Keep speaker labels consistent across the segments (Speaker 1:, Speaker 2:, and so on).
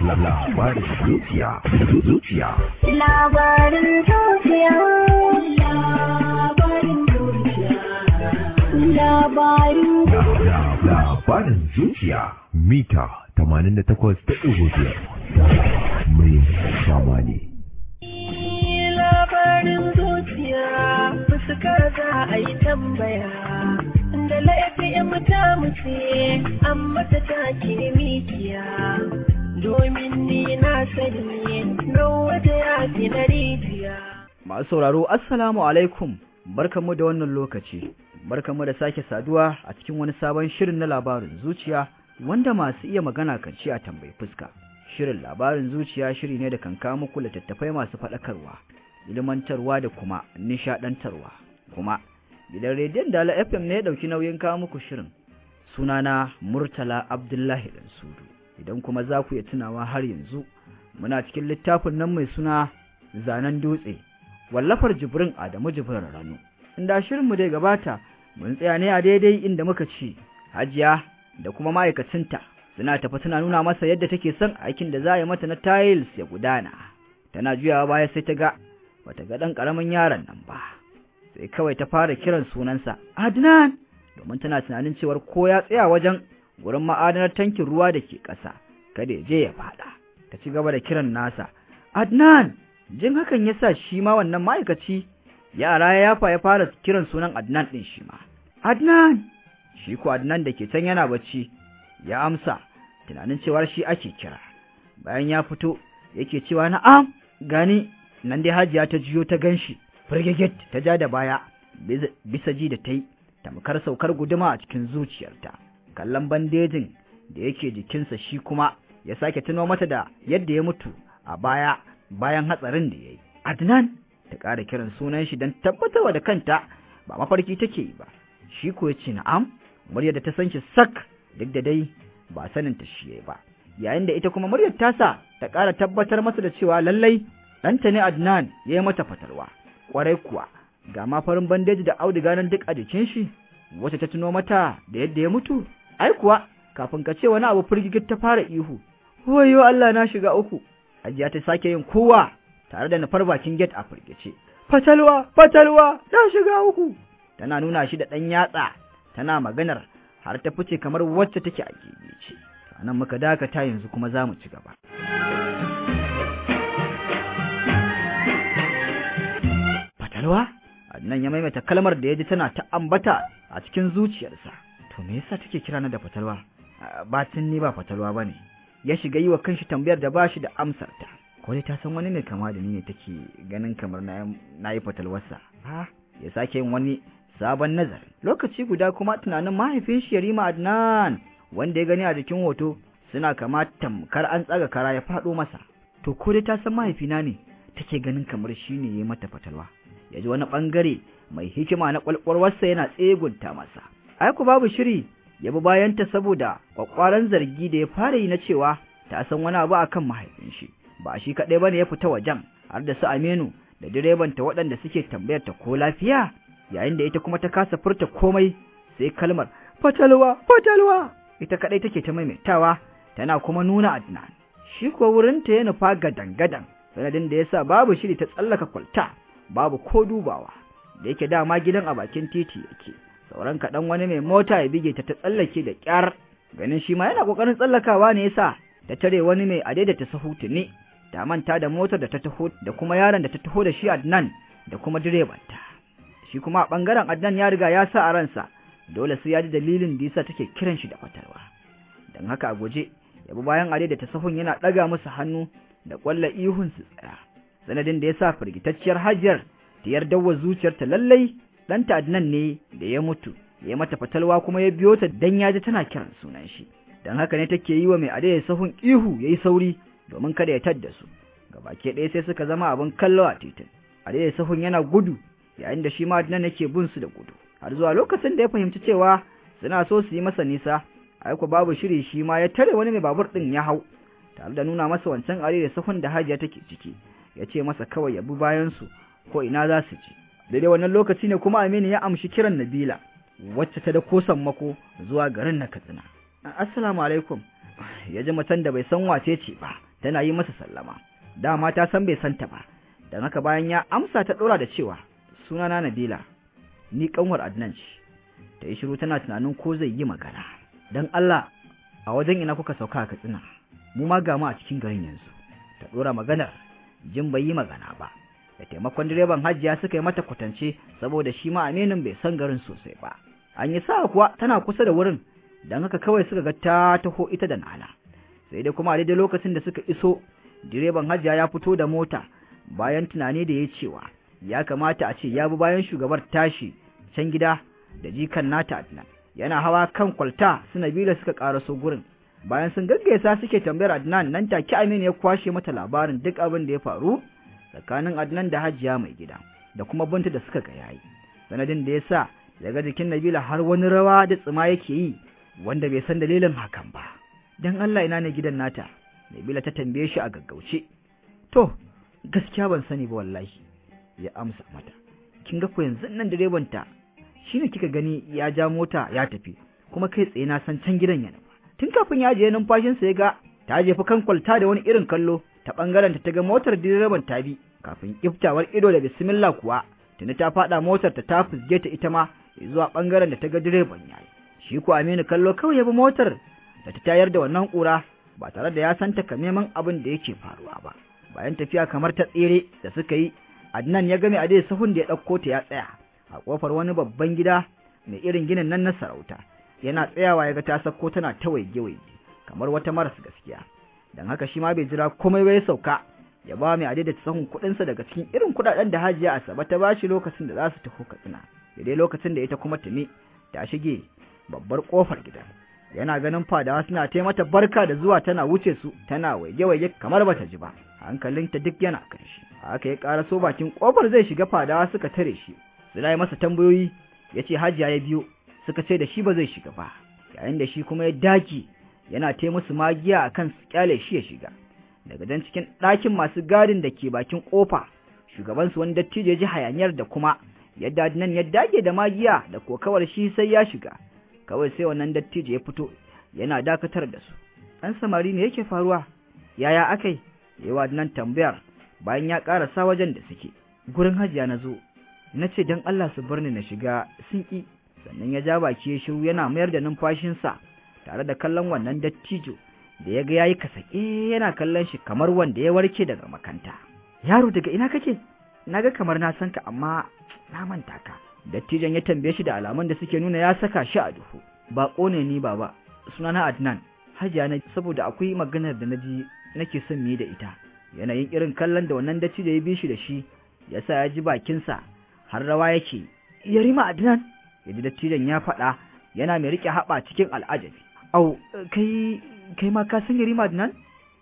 Speaker 1: labarin zuciya zuciya labarin zuciya labarin zuciya labarin labarin zuciya mita 88.5 mai shamani labarin zuciya kara za a yi tambaya da laifin mata mace an mata take mikiya domin ni na sani na rijiya. Masu sauraro Assalamu alaikum barkanmu da wannan lokaci barkanmu da sake saduwa a cikin wani sabon shirin na labarin zuciya wanda masu iya magana kan ci a tambayi fuska. Shirin labarin zuciya shiri ne da kan kawo muku littattafai masu faɗakarwa, ilmantarwa da kuma nishaɗantarwa. Kuma gidan rediyon Dala FM ne ya ɗauki nauyin kawo muku shirin. Sunana Murtala Abdullahi Sudu. idan kuma za ku iya tunawa har yanzu muna cikin littafin nan mai suna zanen dutse wallafar jibrin adamu jibrin rano inda shirinmu dai gabata mun tsaya ne a daidai inda muka ci. hajiya da kuma ma'aikacinta suna tafi tana nuna masa yadda take son aikin da za a yi mata na tiles ya gudana tana juyawa baya sai ta ga bata ga ɗan ƙaramin yaron nan ba sai kawai ta fara kiran sunansa adnan domin tana tunanin cewar ko ya tsaya wajen wurin ma'adanar tankin ruwa da ke ƙasa, kada ya je ya faɗa, ta ci gaba da kiran nasa. Adnan, jin hakan ya sa shi ma wannan ma'aikaci, yara ya yafa ya fara kiran sunan Adnan ɗin shi ma. Adnan, shi ko Adnan da ke can yana bacci, ya amsa, tunanin cewa shi ake kira. Bayan ya fito, yake cewa na'am, gani, nan dai hajiya ta jiyo ta gan shi, firgiget ta ja da baya, bisa ji da ta yi, tamkar saukar guduma a cikin zuciyarta. kallon bandejin da yake jikinsa shi kuma ya sake tuno mata da yadda ya mutu a baya bayan hatsarin da ya yi. Adnan ta ƙara kiran sunan shi don tabbatarwa da kanta ba mafarki take yi ba. Shi ko ya ce na'am, muryar da ta san shi sak duk da dai ba sanin ta shi ba. Yayin da ita kuma muryar tasa ta ƙara tabbatar masa da cewa lallai ɗanta ne Adnan ya yi mata fatarwa. Ƙwarai kuwa ga ma farin bandeji da auduga nan duk a jikin shi, wacce ta tuno mata da yadda ya mutu. ai kuwa kafin ka ce wani abu firgigit ta fara ihu wayo Allah na shiga uku hajiya ta sake yin kowa tare da nufar bakin gate a firgice fatalwa fatalwa na shiga uku tana nuna shi da ɗan yatsa tana maganar har ta fice kamar wacce take a gigice nan muka dakata yanzu kuma za mu ci gaba fatalwa nan ya maimaita kalmar da ya ji tana ta ambata a cikin zuciyarsa to me yasa take kira na da fatalwa tun ni ba fatalwa ba ne ya shiga yi wa kanshi tambayar da ba shi da amsarta. ko dai ta san wani ne kama da ni ne take ganin kamar na yi fatalwarsa ha ya sake yin wani sabon nazari lokaci guda kuma tunanin mahaifin shi Yarima Adnan wanda ya gani a jikin hoto suna kama tamkar an tsaga kara ya faɗo masa to ko dai ta san mahaifina ne take ganin kamar shi ne ya mata fatalwa ya ji wani ɓangare mai hikima na kwalkwalwarsa yana tsegunta masa ku babu shiri ya bi bayanta saboda kwakwaran zargi da ya fara yi na cewa ta san wani abu akan mahaifin shi ba shi kaɗai ba ne ya fita wajen har da su Aminu da direbanta waɗanda suke tambayar ta ko lafiya yayin da ita kuma ta kasa furta komai sai kalmar fatalwa fatalwa ita kaɗai take ta maimaitawa tana kuma nuna Adnan shi kuwa ta ya nufa gadan-gadan sanadin da yasa babu shiri ta tsallaka kwalta babu ko dubawa da yake dama gidan a bakin titi yake sauran kaɗan wani mai mota ya bige ta ta tsallake da ƙyar ganin shi ma yana ƙoƙarin tsallakawa ne yasa ta tare wani mai da ta sahu tuni ta manta da motar da ta taho da kuma yaron da ta taho da shi Adnan da kuma direbanta shi kuma a ɓangaren Adnan ya riga ya sa a ransa dole sai ya ji dalilin da yasa take kiran shi da fatarwa dan haka a guje ya bi bayan da ta sahun yana ɗaga musu hannu da kwalla ihun su tsaya sanadin da ya sa firgitacciyar hajiyar ta yarda wa zuciyarta lallai ɗanta Adnan ne da ya mutu ya mata fatalwa kuma ya biyo ta dan ya ji tana kiran sunan shi Don haka ne take yi wa mai adai sahun ihu ya yi sauri domin kada ya tadda su ke ɗaya sai suka zama abin kallo a titin adai sahun yana gudu yayin da shi ma Adnan yake bin su da gudu har zuwa lokacin da ya fahimci cewa suna so su yi masa nisa aiko babu shiri shi ma ya tare wani mai babur ɗin ya hau tare da nuna masa wancan adai sahun da Hajiya take ciki ya ce masa kawai ya bi bayan su ko ina za su je daidai wannan lokaci ne kuma Aminu ya amshi kiran Nabila wacce ta da kosan mako zuwa garin na Katsina assalamu alaikum ya ji matan da bai san wace ce ba tana yi masa sallama dama ta san bai santa ba Da haka bayan ya amsa ta ɗora da cewa sunana Nabila ni ƙanwar Adnan ce ta yi shiru tana tunanin ko zai yi magana dan Allah a wajen ina kuka sauka a Katsina mu ma ga a cikin garin yanzu ta ɗora maganar jin bai yi magana ba da taimakon direban hajjiya suka yi mata kwatance saboda shi ma aminin bai san garin sosai ba an yi sa kuwa tana kusa da wurin don haka kawai suka ga ta taho ita da nana sai dai kuma a daidai lokacin da suka iso direban hajjiya ya fito da mota bayan tunani da ya cewa ya kamata a ce ya bi bayan shugabar tashi can gida da jikan nata a nan Yana hawa kan kwalta su Nabila suka karaso gurin. Bayan sun gaggaisa suke tambayar Adnan nan take Aminu ya kwashe mata labarin duk abin da ya faru tsakanin Adnan da Hajiya mai gida da kuma Binta da suka ga yayi sanadin da yasa daga jikin Nabila har wani rawa da tsima yake yi wanda bai san dalilin hakan ba dan Allah ina ne gidan nata Nabila ta tambaye shi a gaggauce to gaskiya ban sani ba wallahi ya amsa mata kin ga ko yanzu nan direban ta shine kika gani ya ja mota ya tafi kuma kai tsaye na san can gidan yana tun kafin ya je numfashinsa ya ga ta jefa kan kwalta da wani irin kallo ta ɓangaren ta ga motar direban ta bi kafin kiftawar ido da bismillah kuwa tuni ta faɗa motar ta ta fusge ta ita ma zuwa ɓangaren da ta ga direban yayi shi ko Aminu kallo kawai ya bi motar da ta tayar da wannan ƙura ba tare da ya san ta takamaiman abin da yake faruwa ba bayan tafiya kamar ta tsere da suka yi Adnan ya game a dai sahun da ya ɗauko ta ya tsaya a ƙofar wani babban gida mai irin ginin nan na sarauta yana tsayawa ya ga ta sako tana ta waige-waige kamar wata maras gaskiya don haka shi ma bai jira komai bai sauka ya ba mai adai da sahun kuɗinsa daga cikin irin kuɗaɗen da hajiya asabe ta bashi lokacin da za su taho katsina daidai lokacin da ita kuma ta ni ta shige babbar kofar gidan yana ganin fadawa suna ta mata barka da zuwa tana wuce su tana waige-waige kamar bata ji ba hankalinta duk yana kan shi haka ya kara so bakin ƙofar zai shiga fadawa suka tare shi suna yi masa tambayoyi ya ce hajiya ya biyo suka ce da shi ba zai shiga ba yayin da shi kuma ya daki yana te musu magiya kan su kyale shi ya shiga daga dan cikin ɗakin masu gadin da ke bakin ƙofa shugabansu wani dattijo ya ji hayaniyar da kuma yadda nan ya dage da magiya da kokawar shi sai ya shiga kawai sai wannan dattijo ya fito yana dakatar da su ɗan samari ne yake faruwa yaya akai yawa nan tambayar bayan ya ƙarasa wajen da suke gurin hajiya na zo na ce don Allah su bar ni na shiga sun ƙi sannan ya ja baki ya shiru yana mayar da numfashinsa tare da kallon wannan dattijo da ya ga yayi kasake yana kallon shi kamar wanda ya warke daga makanta yaro daga ina kake Na ga kamar na san ka amma na manta ka dattijon ya tambaye shi da alamun da suke nuna ya saka shi a duhu Baƙo ne ni baba sunana Adnan hajiya na saboda akwai maganar da naji nake son mu da ita yanayin irin kallon da wannan dattijo ya bi shi da shi ya sa ya ji bakinsa har rawa yake yarima Adnan yaji dattijon ya faɗa yana mai rike haɓa cikin al'ajabi Au, kai, kai ma ka san Yarima nan?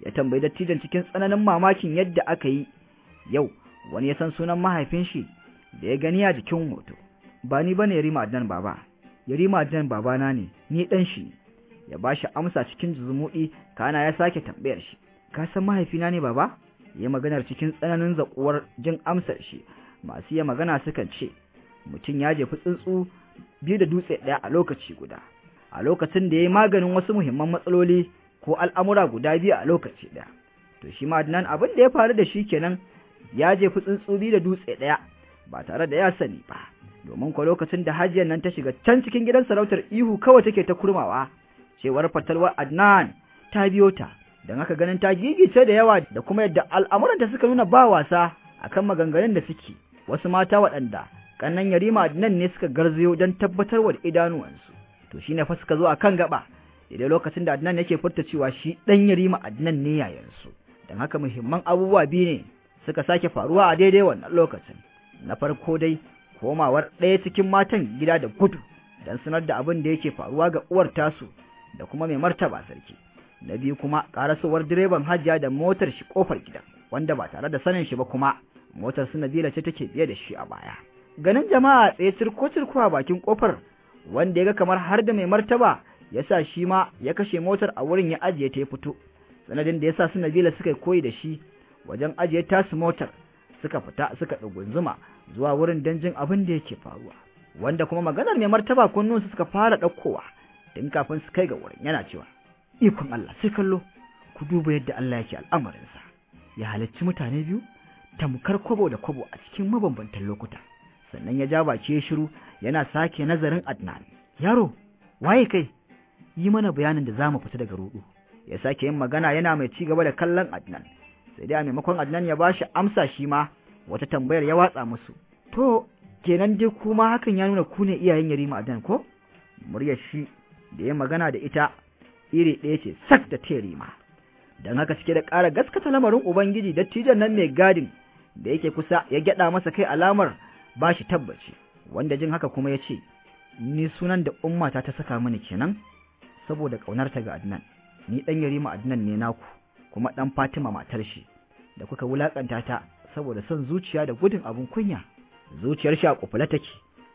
Speaker 1: Ya tambayi dattijan cikin tsananin mamakin yadda aka yi. Yau, wani ya san sunan mahaifin shi da ya gani a jikin hoto. Ba ni ba Yarima nan baba. Yarima Baba na ne, ni ɗan shi. Ya ba shi amsa cikin zumuɗi, kana ya sake tambayar shi. Ka san mahaifina ne baba? Ya maganar cikin tsananin zaƙuwar jin amsar shi. Masu ya magana sukan ce, mutum ya jefi tsuntsu biyu da dutse ɗaya a lokaci guda. a lokacin da ya yi maganin wasu muhimman matsaloli ko al'amura guda biyu a lokaci ɗaya. To shi ma abin da ya faru da shi kenan ya je fi tsuntsuri da dutse ɗaya ba tare da ya sani ba. Domin kwa lokacin da hajiyar nan ta shiga can cikin gidan sarautar ihu kawai take ta kurmawa, cewar fatalwar Adnan ta biyo ta, don haka ganin ta gigice da yawa da kuma yadda al'amuranta suka nuna ba wasa a kan maganganun da suke, wasu mata waɗanda ƙannan yarima Adnan ne suka garzayo don tabbatarwar wa idanuwansu. to shi fa suka zo kan gaba idan lokacin da Adnan yake furta cewa shi dan yarima Adnan ne yayansu. dan haka muhimman abubuwa biyu ne suka sake faruwa a daidai wannan lokacin na farko dai komawar ɗaya cikin matan gida da gudu dan sanar da abin da yake faruwa ga uwar tasu da kuma mai martaba sarki na biyu kuma karasowar direban hajiya da motar shi kofar gida wanda ba tare da sanin shi ba kuma motar su Nabila ce take biye da shi a baya ganin jama'a tsaye cirko cirko a bakin kofar wanda ya ga kamar har da mai martaba ya sa shi ma ya kashe motar a wurin ya ajiye ta ya fito sanadin da ya sa su nabila suka koyi da shi wajen ajiye tasu motar suka fita suka ɗugunzuma zuwa wurin don jin abin da yake faruwa wanda kuma maganar mai martaba kunnunsu suka fara ɗaukowa tun kafin su kai ga wurin yana cewa ikon Allah sai kallo ku duba yadda Allah yake al'amarinsa ya halarci mutane biyu tamkar kwabo da kwabo a cikin mabambantan lokuta sannan ya ja baki ya shiru yana sake nazarin Adnan. Yaro, waye kai? Yi mana bayanin da zamu mu fita daga ruɗu. Ya sake yin magana yana mai ci gaba da kallon Adnan. Sai dai a maimakon Adnan ya bashi amsa shi ma wata tambayar ya watsa musu. To, kenan dai kuma hakan ya nuna kune iyayen Yarima Adnan ko? Muryar shi da ya magana da ita iri ɗaya ce sak da ta Yarima. Don haka cike da ƙara gaskata lamarin Ubangiji dattijan nan mai gadin da yake kusa ya gyaɗa masa kai alamar ba shi tabbaci wanda jin haka kuma ya ce ni sunan da ummata ta saka mini kenan saboda ƙaunarta ga Adnan ni ɗan yarima Adnan ne naku kuma ɗan Fatima matar shi da kuka wulaƙanta ta saboda son zuciya da gudun abin kunya zuciyar shi a kufula take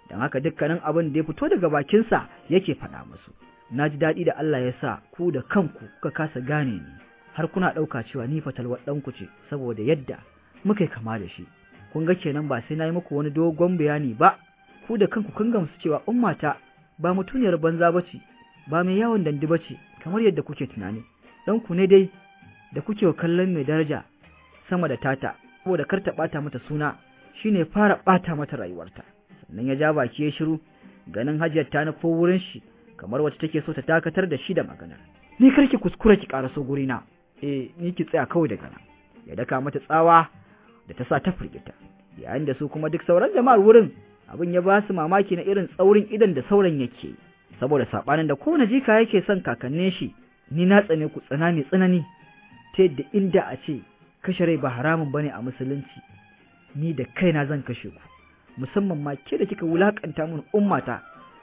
Speaker 1: don haka dukkanin abin da ya fito daga bakinsa yake faɗa musu na ji daɗi da Allah ya sa ku da kanku kuka kasa gane ni har kuna ɗauka cewa ni fatalwar ɗanku ce saboda yadda muka kama da shi kun ga kenan ba sai na yi muku wani dogon bayani ba ku da kanku kun gamsu cewa ummata ba mutuniyar banza bace, ce ba mai yawon dandi ba ce kamar yadda kuke tunani dan ku ne dai da kuke kallon mai daraja sama da tata saboda kar ta bata mata suna shine fara ɓata mata rayuwarta sannan ya ja baki ya shiru ganin hajiyar ta nufo wurin shi kamar wacce take so ta dakatar da shi da magana. ni karki kuskura ki karaso gurina eh ni ki tsaya kawai daga nan ya daka mata tsawa da ta sa ta firgita yayin da su kuma duk sauran jama'ar wurin abin ya ba su mamaki na irin tsaurin idan da sauran yake saboda saɓanin da kowane jika yake son kakannin shi ni na tsane ku tsanani tsanani ta yadda inda a ce kashe rai ba haramun ne a musulunci ni da kaina zan kashe ku musamman ma ke da kika wulakanta mun ummata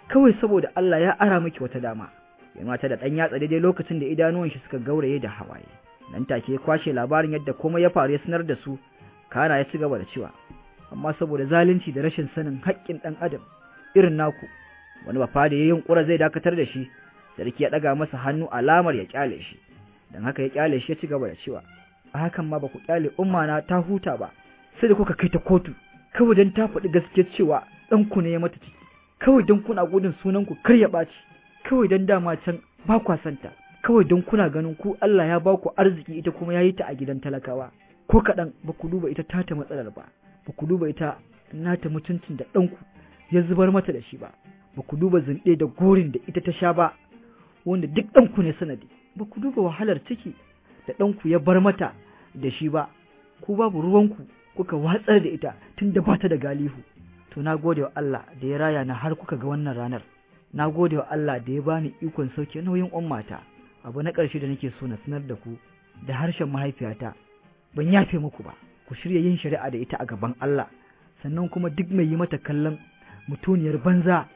Speaker 1: kawai saboda Allah ya ara miki wata dama ya mata da ɗan yatsa daidai lokacin da idanuwan shi suka gauraye da hawaye nan take ya kwashe labarin yadda komai ya faru ya sanar da su kana ya ci gaba da cewa amma saboda zalunci da rashin sanin haƙƙin ɗan adam irin naku wani bafade ya yunkura zai dakatar da shi sarki ya ɗaga masa hannu alamar ya kyale shi don haka ya kyale shi ya ci gaba da cewa a hakan ma ba ku kyale umma na ta huta ba sai da kuka kai ta kotu kawai don ta faɗi gaskiya cewa ɗanku ne ya mata ciki kawai don kuna gudun sunan ku kar ya ɓaci kawai don dama can ba kwa santa kawai don kuna ganin ku Allah ya baku arziki ita kuma ya yi ta a gidan talakawa ko kaɗan ba ku duba ita tata matsalar ba ba ku duba ita nata mutuncin da ɗanku ya zubar mata da shi ba ba ku duba zunɗe da gorin da ita ta sha ba wanda duk ɗanku ne sanadi ba ku duba wahalar ciki da ɗanku ya bar mata da shi ba ku babu ruwanku kuka watsar da ita tun da ba ta da galihu to na gode wa Allah da ya raya na har kuka ga wannan ranar na gode wa Allah da ya bani ikon sauke nauyin mata abu na ƙarshe da nake so na sanar da ku da harshen mahaifiyata ban yafe muku ba ku shirya yin shari'a da ita a gaban Allah sannan kuma duk mai yi mata kallon mutuniyar banza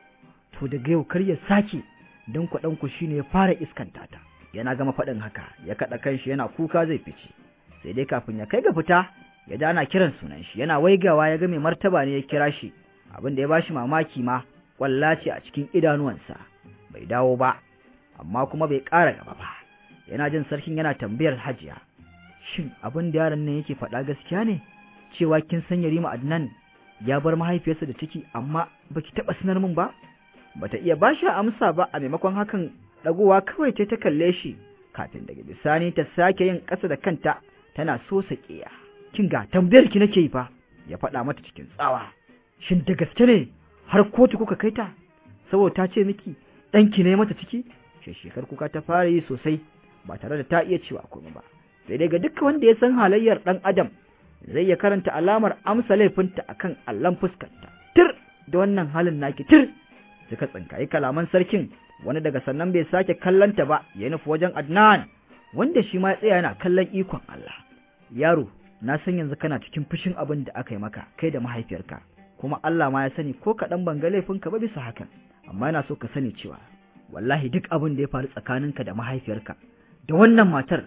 Speaker 1: to daga yau kar ya sake don kwaɗan ku shine ya fara iskanta ta yana gama faɗin haka ya kaɗa kanshi yana kuka zai fice sai dai kafin ya kai ga fita ya dana kiran sunan shi yana waigawa ya ga mai martaba ne ya kira shi abin da ya bashi mamaki ma kwalla a cikin idanuwansa bai dawo ba amma kuma bai ƙara gaba ba yana jin sarkin yana tambayar hajiya shin abin da yaron nan yake faɗa gaskiya ne cewa kin san Yarima Adnan ya bar mahaifiyarsa da ciki amma baki taɓa sanar min ba bata iya ba shi amsa ba a maimakon hakan ɗagowa kawai ce ta kalle shi kafin daga bisani ta sake yin ƙasa da kanta tana so saƙiya kin ga tambayar ki nake yi fa ya faɗa mata cikin tsawa shin da gaske ne har kotu kuka kai ta saboda ta ce miki ɗanki ne mata ciki shekar kuka ta fara yi sosai ba tare da ta iya cewa komai ba sai dai ga duk wanda ya san halayyar ɗan adam zai ya karanta alamar amsa laifinta a kan allon fuskarta tir da wannan halin naki tir suka tsinkayi kalaman sarkin wani daga sannan bai sake kallanta ba ya nufi wajen Adnan wanda shi ma ya tsaya yana kallon ikon Allah yaro na san yanzu kana cikin fushin abin da aka yi maka kai da mahaifiyarka kuma Allah ma ya sani ko kaɗan ban ga laifinka ba bisa hakan amma yana so ka sani cewa wallahi duk abin da ya faru tsakaninka da mahaifiyarka da wannan matar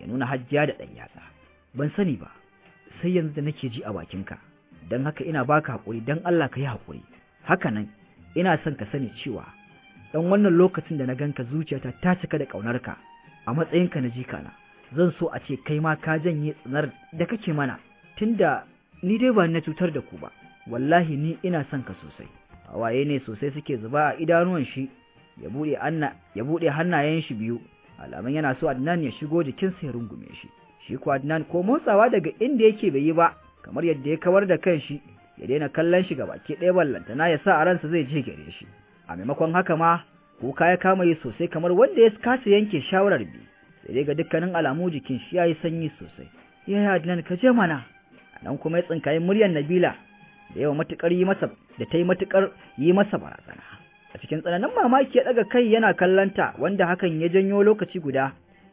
Speaker 1: ya nuna hajjiya da ɗan yatsa ban sani ba sai yanzu da nake ji a bakinka don haka ina baka haƙuri don Allah ka yi haƙuri nan, ina son ka sani cewa Ɗan wannan lokacin da na ganka zuciyata ta cika da ƙaunarka a matsayinka na ji-kana, zan so a ce kai ma ka janye tsanar da kake mana tunda ni dai ba na cutar da ku ba wallahi ni ina son ka sosai hawaye ne sosai suke zuba a idanuwan shi ya buɗe hannayen shi biyu alamun yana so Adnan ya shigo jikinsa ya rungume shi shi ko Adnan ko motsawa daga inda yake bai yi ba kamar yadda ya kawar da shi ya daina kallon shi gabaki ɗaya ballantana ya sa a ransa zai je gare shi a maimakon haka ma kuka ya kama yi sosai kamar wanda ya kasa yanke shawarar bi sai dai ga dukkanin alamu jikin shi ya yi sanyi sosai yaya Adnan ka je mana nan kuma ya tsinkayi muryar Nabila da yawa matuƙar yi masa da ta yi matuƙar yi masa barazana a cikin tsananin mamaki ya ɗaga kai yana kallanta wanda hakan ya janyo lokaci guda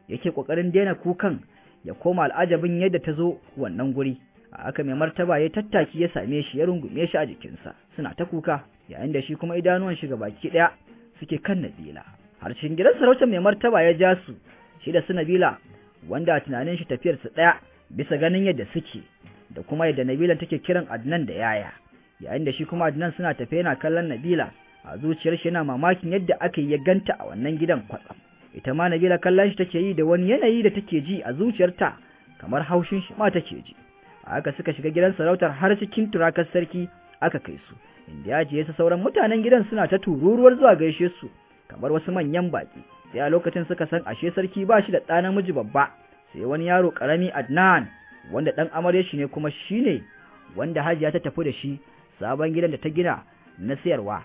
Speaker 1: yake ƙoƙarin daina kukan ya koma al'ajabin yadda ta zo wannan guri a haka mai martaba ya tattaki ya same shi ya rungume shi a jikinsa suna ta kuka yayin da shi kuma idanuwan shi baki ɗaya suke kan nabila har cikin gidan sarautar mai martaba ya ja su shi da su nabila wanda a tunanin shi tafiyarsa ɗaya bisa ganin yadda suke da kuma yadda nabila take kiran adnan da yaya yayin da shi kuma adnan suna tafe yana kallon nabila a zuciyar shi yana mamakin yadda aka ya ganta a wannan gidan kwatsam ita ma na gida kallon shi take yi da wani yanayi da take ji a zuciyarta kamar haushin shi ma take ji A haka suka shiga gidan sarautar har cikin turakar sarki aka kai su inda ya su sauran mutanen gidan suna ta tururuwar zuwa gaishe su kamar wasu manyan baƙi. sai a lokacin suka san ashe sarki ba shi da ɗa namiji babba sai wani yaro ƙarami Adnan wanda ɗan amarya shi ne kuma shi ne wanda hajiya ta tafi da shi sabon gidan da ta gina na sayarwa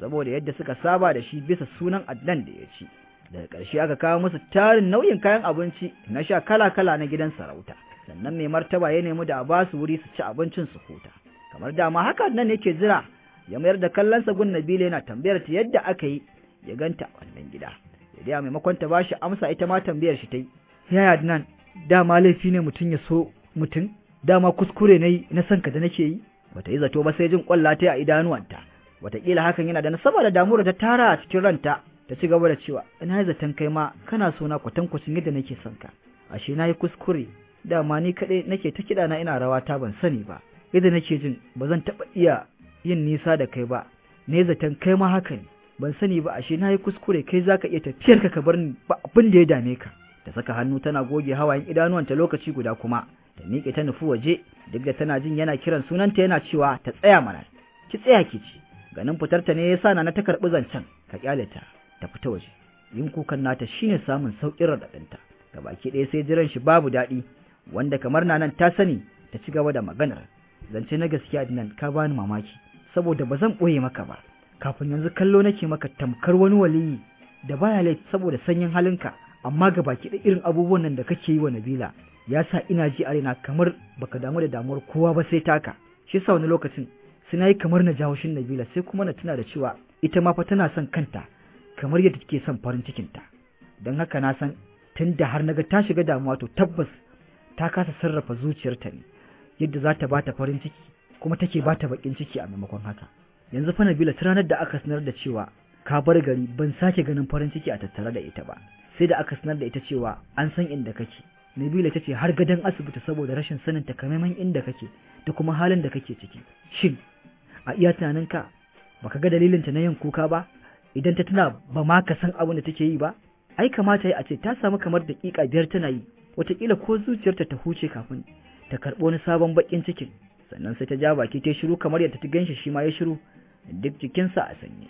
Speaker 1: saboda yadda suka saba da shi bisa sunan adnan da ya ci daga ƙarshe aka kawo musu tarin nau'in kayan abinci na sha kala-kala na gidan sarauta sannan mai martaba ya nemi da a basu wuri su ci abincin su huta kamar dama haka nan yake jira ya mayar da kallon gun nabila yana tambayar ta yadda aka yi ya ganta a wannan gida ya maimakon ta shi amsa ita ma tambayar shi ta yi yaya nan dama laifi ne mutum ya so mutum dama kuskure na yi na son ka da nake yi bata yi zato ba sai jin kwalla a idanuwanta wataƙila hakan yana da nasaba da damuwar ta tara a cikin ranta ta ci gaba da cewa ina yi zaton kai ma kana suna na kwatankwacin yadda nake son ka ashe na yi kuskure dama ni kaɗai nake ta kiɗa na ina rawa ta ban sani ba yadda nake jin ba zan taɓa iya yin nisa da kai ba ne zaton kai ma haka ne ban sani ba ashe na yi kuskure kai zaka iya tafiyar ka ka bar ni ba abin da ya dame ka ta saka hannu tana goge hawayen idanuwanta lokaci guda kuma ta miƙe ta nufi waje duk da tana jin yana kiran sunanta yana cewa ta tsaya mana ki tsaya ki ce ganin fitarta ne yasa na ta karɓi zancen ka kyale ta ta fita waje yin kukan nata shine samun saukin raɗaɗinta ga baki ɗaya sai jiran shi babu daɗi wanda kamar na nan ta sani ta ci gaba da maganar zance na gaskiya nan ka bani mamaki saboda ba zan ɓoye maka ba kafin yanzu kallo nake maka tamkar wani waliyi da baya laifi saboda sanyin halinka amma ga baki ɗaya irin abubuwan nan da kake yi wa Nabila ya sa ina ji a kamar baka damu da damuwar kowa ba sai taka shi sa wani lokacin sai na yi kamar na jawo shin Nabila sai kuma na tuna da cewa ita ma fa tana son kanta kamar yadda take son farin cikin ta don haka na san tunda har naga ta shiga damuwa to tabbas ta kasa sarrafa zuciyarta ne yadda za ta bata farin ciki kuma take bata bakin ciki a maimakon haka yanzu fa Nabila ta ranar da aka sanar da cewa ka bar gari ban sake ganin farin ciki a tattare da ita ba sai da aka sanar da ita cewa an san inda kake Nabila ta ce har gadon asibiti saboda rashin sanin takamaiman inda kake da kuma halin da kake ciki. Shin, a iya tunaninka ka ga dalilinta na yin kuka ba idan ta tuna ba ma ka san abin da take yi ba? Ai kamata a ce ta samu kamar daƙiƙa biyar tana yi, wataƙila ko zuciyarta ta huce kafin ta karɓo wani sabon baƙin cikin. Sannan sai ta ja baki ta shiru kamar yadda ta ganshi shi ma ya shiru duk jikinsa a sanye.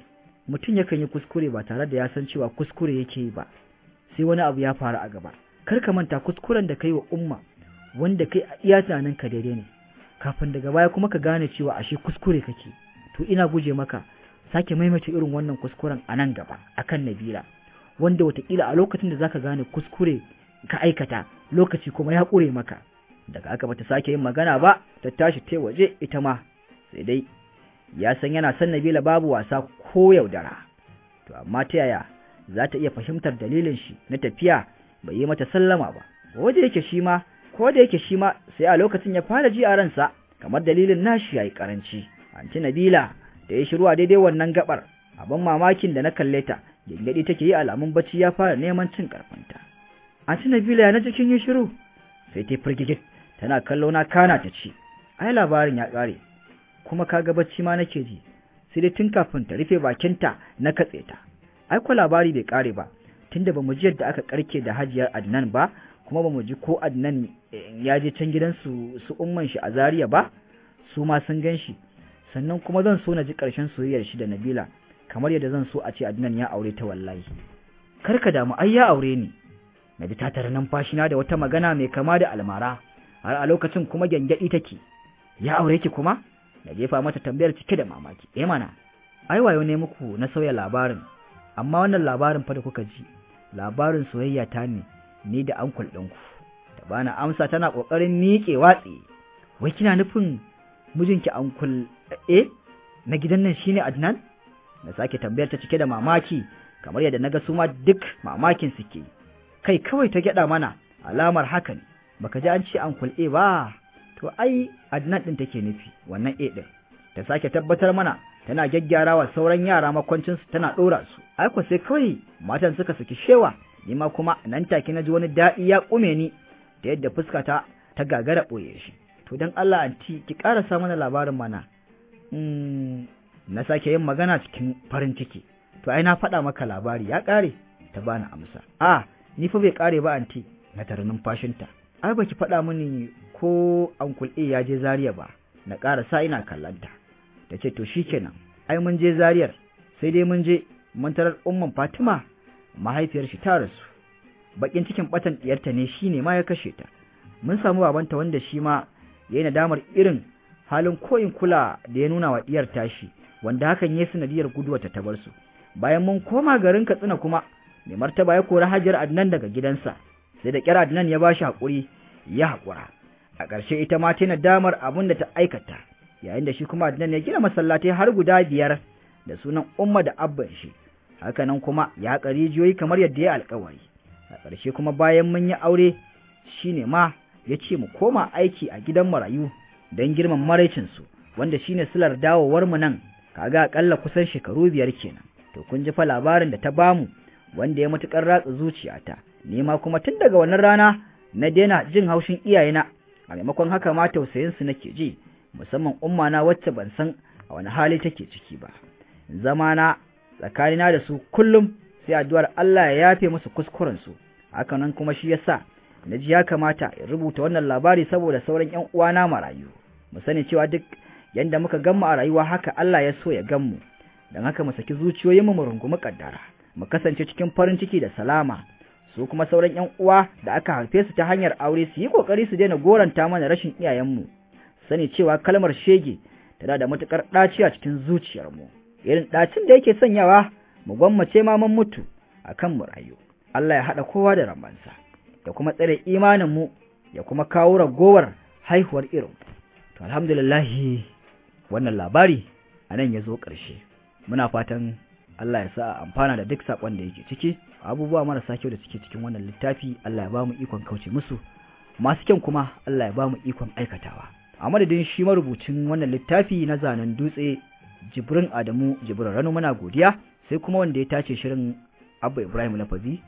Speaker 1: Mutum yakan yi kuskure ba tare da ya san cewa kuskure yake yi ba, sai wani abu ya faru a gaba. kar ka manta kuskuren da kai wa umma wanda kai a iya tunanin ka daidai ne kafin daga baya kuma ka gane cewa ashe kuskure kake to ina guje maka sake maimaita irin wannan kuskuren a nan gaba akan Nabila wanda watakila a lokacin da zaka gane kuskure ka aikata lokaci kuma ya ƙure maka daga aka bata sake yin magana ba ta tashi ta waje ita ma sai dai ya san yana san Nabila babu wasa ko yaudara to amma ta yaya za ta iya fahimtar dalilin shi na tafiya bai yi mata sallama ba ko da yake shi ma ko da yake shi ma sai a lokacin ya fara ji a ransa kamar dalilin nashi yi karanci anti Nabila da ya shiru a daidai wannan gabar abin mamakin da na kalle ta gingadi take yi alamun bacci ya fara neman cin karfinta anti Nabila ya na jikin yi shiru sai ta firgige tana kallo na kana ta ce ai labarin ya ƙare kuma kaga bacci ma nake ji sai dai tun kafin ta rufe bakinta na katse ta ai ko labari bai kare ba tunda ba mu ji yadda aka karke da hajiyar Adnan ba kuma ba mu ji ko Adnan eh, ya je can gidan su umman shi a Zaria ba su ma sun gan shi sannan kuma zan so na ji karshen soyayyar shi da Nabila kamar yadda zan so a ce Adnan ya aure ta wallahi kar ka damu ai ya aure ni na ta tare na da wata magana mai kama da almara har a lokacin kuma gyangyaɗi take ya aure ki kuma na jefa mata tambayar cike da mamaki eh mana ai wayo ne muku na sauya labarin amma wannan labarin fa da kuka ji labarin soyayya ta ne ni da ankul ɗinku ta bana amsa tana ƙoƙarin miƙe watsi wai kina nufin mijinki ankul e eh, na gidan nan shine Adnan na sake tambayar ta cike da mamaki kamar yadda naga su ma duk mamakin suke kai kawai ta gyaɗa mana alamar haka ne baka ji an ce ankul e ba to ai Adnan ɗin take nufi wannan e din ta sake tabbatar mana tana gyaggyarawa sauran yara makwancinsu tana ɗora su Ai ku sai kawai matan suka saki shewa ni ma kuma nan take na ji wani daɗi ya ƙume ni da yadda fuska ta ta gagara ɓoye shi to dan Allah anti ki sa mana labarin mana hmm, na sake yin magana cikin farin ciki to ai na faɗa maka labari ya ƙare ta bani amsa a ni fa bai ƙare ba anti na tara numfashinta ai baki faɗa mini ko ankul ya je Zaria ba na ƙara sa ina kallanta ta ce to shi nan. ai mun je zariyar sai dai mun je mun tarar umman Fatima mahaifiyar shi ta rasu bakin cikin batan diyarta ne shine ma ya kashe ta mun samu babanta wanda shi ma ya yi nadamar irin halin koyin kula da ya nuna wa diyar tashi wanda hakan ya sanadiyar guduwa ta tabar su bayan mun koma garin Katsina kuma mai martaba ya kori Hajar Adnan daga gidansa sai da kira Adnan ya ba shi hakuri ya hakura a ƙarshe ita ma tana damar abin da ta aikata yayin da shi kuma Adnan ya gina masallatai har guda biyar da sunan umma da abban shi hakanan kuma ya haƙa rijiyoyi kamar yadda ya alƙawari a ƙarshe kuma bayan mun yi aure shine ma ya ce mu koma aiki a gidan marayu don girman maraicinsu wanda shine silar dawowar mu nan kaga aƙalla kusan shekaru biyar kenan to kun ji fa labarin da ta bamu wanda ya matuƙar ratsa zuciyata nema kuma tun daga wannan rana na daina jin haushin iyayena a maimakon haka ma tausayinsu nake ji musamman umma na wacce ban san a wani hali take ciki ba zama tsakani tsakanina da su kullum sai addu'ar Allah ya yafe musu kuskuren kuskurensu nan kuma shi yasa na ji ya kamata in rubuta wannan labari saboda sauran ƴan uwana marayu mu sani cewa duk yanda muka gamma a rayuwa haka Allah ya so ya gammu dan haka mu saki zuciyoyin mu rungumi kaddara mu kasance cikin farin ciki da salama su kuma sauran ƴan uwa da aka haife su ta hanyar aure su yi kokari su daina goranta mana rashin iyayen mu sani cewa kalmar shege tana da matuƙar ɗaci a cikin zuciyarmu irin ɗacin da yake sanyawa mu gwammace ma mun mutu a kan mu rayu Allah ya haɗa kowa da rambansa da kuma tsare imaninmu ya kuma kawo ragowar haihuwar irin to alhamdulillah wannan labari a nan ya zo ƙarshe muna fatan Allah ya sa a amfana da duk sakon da yake ciki abubuwa marasa kyau da suke cikin wannan littafi Allah ya ba mu ikon kauce musu masu kyan kuma Allah ya ba mu ikon aikatawa a madadin shi marubucin wannan littafi na zanen dutse jibrin adamu jibrin rano muna godiya sai kuma wanda ya tace shirin abba ibrahim lafazi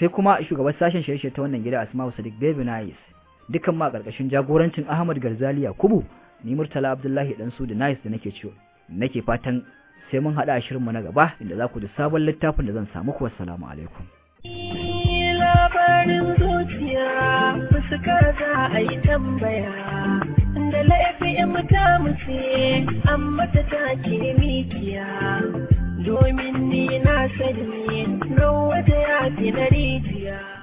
Speaker 1: sai kuma shugaban sashen shirye ta wannan gida asma'u sadiq baby nice Dukkan ma karkashin jagorancin ahmad garzali yakubu ni murtala abdullahi dan su da nice da nake ciwo nake fatan sai mun haɗa shirin mu na gaba inda za ku da sabon littafin da zan samu ku assalamu alaikum labarin zuciya fuskar za a yi tambaya da laifi in ta mutse an mata ta ce mikiya domin ni na sani rawa ta yafi na rijiya